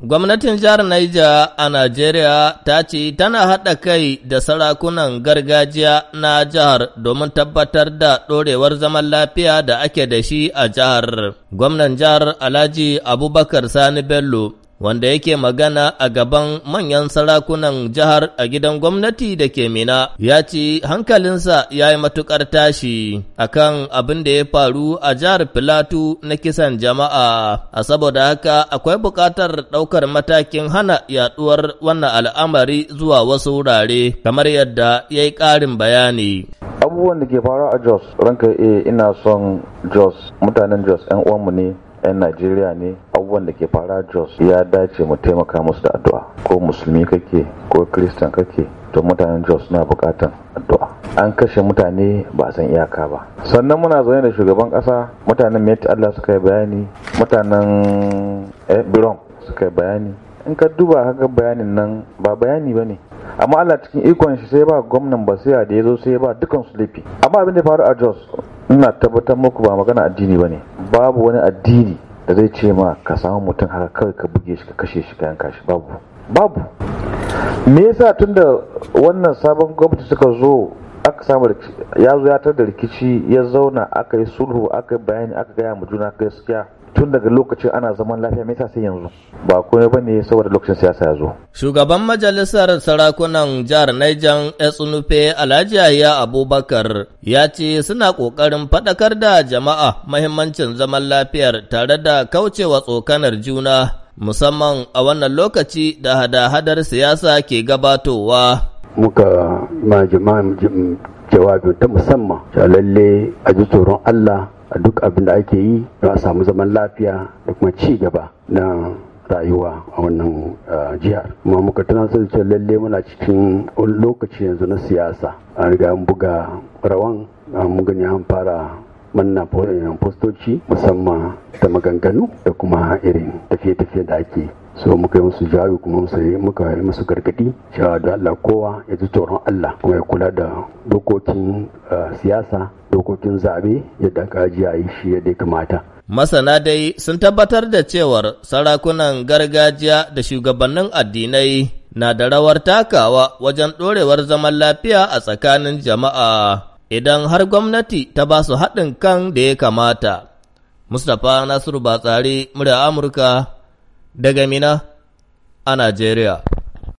Gwamnatin jihar Niger a Najeriya ta ce tana haɗa kai da sarakunan gargajiya na jihar domin tabbatar da ɗorewar zaman lafiya da ake da shi a jihar. Gwamnan jihar Alhaji Abubakar Sani Bello wanda yake magana a gaban manyan sarakunan jihar a gidan gwamnati da ke Mina, ya ci hankalinsa ya yi matuƙar tashi a kan abin da ya faru a jihar Filatu na kisan jama'a, a saboda haka akwai buƙatar ɗaukar matakin hana yaɗuwar wannan al'amari zuwa wasu wurare, kamar yadda ya yi ƙarin bayani. Abubuwan da ke faru a Jos, ranka ina son Jos, mutanen Jos 'yan uwanmu ne. 'yan najeriya ne abubuwan da ke fara jos ya dace mu taimaka musu da addu'a ko musulmi kake ko kristan kake to mutanen jos na bukatan addu'a an kashe mutane ba a san iyaka ba sannan muna zaune da shugaban kasa mutanen mai allah suka yi bayani mutanen ebron eh, suka yi bayani in ka duba haka bayanin nan ba bayani ba ne amma Allah cikin ikon shi sai ba gwamnan basira da ya zo sai ba dukansu su laifi amma abin da faru a Jos ina tabbatar muku ba magana addini ba ne. babu wani addini da zai ce ma ka samu mutum haka kawai ka buge shi ka kashe shi ka yanka shi babu babu me yasa tunda wannan sabon gwamnati suka zo aka samu ya zo da rikici ya zauna aka yi sulhu aka yi bayani aka gaya mu juna gaskiya tun daga lokacin ana zaman lafiya mai sai yanzu ba komai bane saboda lokacin siyasa ya zo shugaban majalisar sarakunan jihar Niger Esunufe Alhaji Yahya Abubakar ya ce suna kokarin fadakar da jama'a mahimmancin zaman lafiyar tare da kaucewa tsokanar juna musamman a wannan lokaci da hada-hadar siyasa ke gabatowa. Muka ma jama'a jawabi ta musamman, lalle a ji tsoron Allah a duk abin da ake yi don a samu zaman lafiya da kuma ci gaba na rayuwa a wannan eh, jihar kuma muka tunatar da lalle muna cikin lokaci yanzu na siyasa an riga an buga rawan eh, mun gani an fara manna eh, postoci musamman da maganganu da kuma irin tafiye-tafiye da ake so muka yi musu jawi kuma musu muka yi musu gargadi cewa da Allah kowa ya ji tsoron Allah kuma ya kula da dokokin siyasa dokokin zaɓe yadda kaji ya yi shi yadda ya kamata. Masana dai sun tabbatar da cewar sarakunan gargajiya da shugabannin addinai na da rawar takawa wajen ɗorewar zaman lafiya a tsakanin jama'a idan har gwamnati ta ba su haɗin kan da ya kamata. Mustapha Nasiru Batsari, murya Amurka, daga Mina a Najeriya.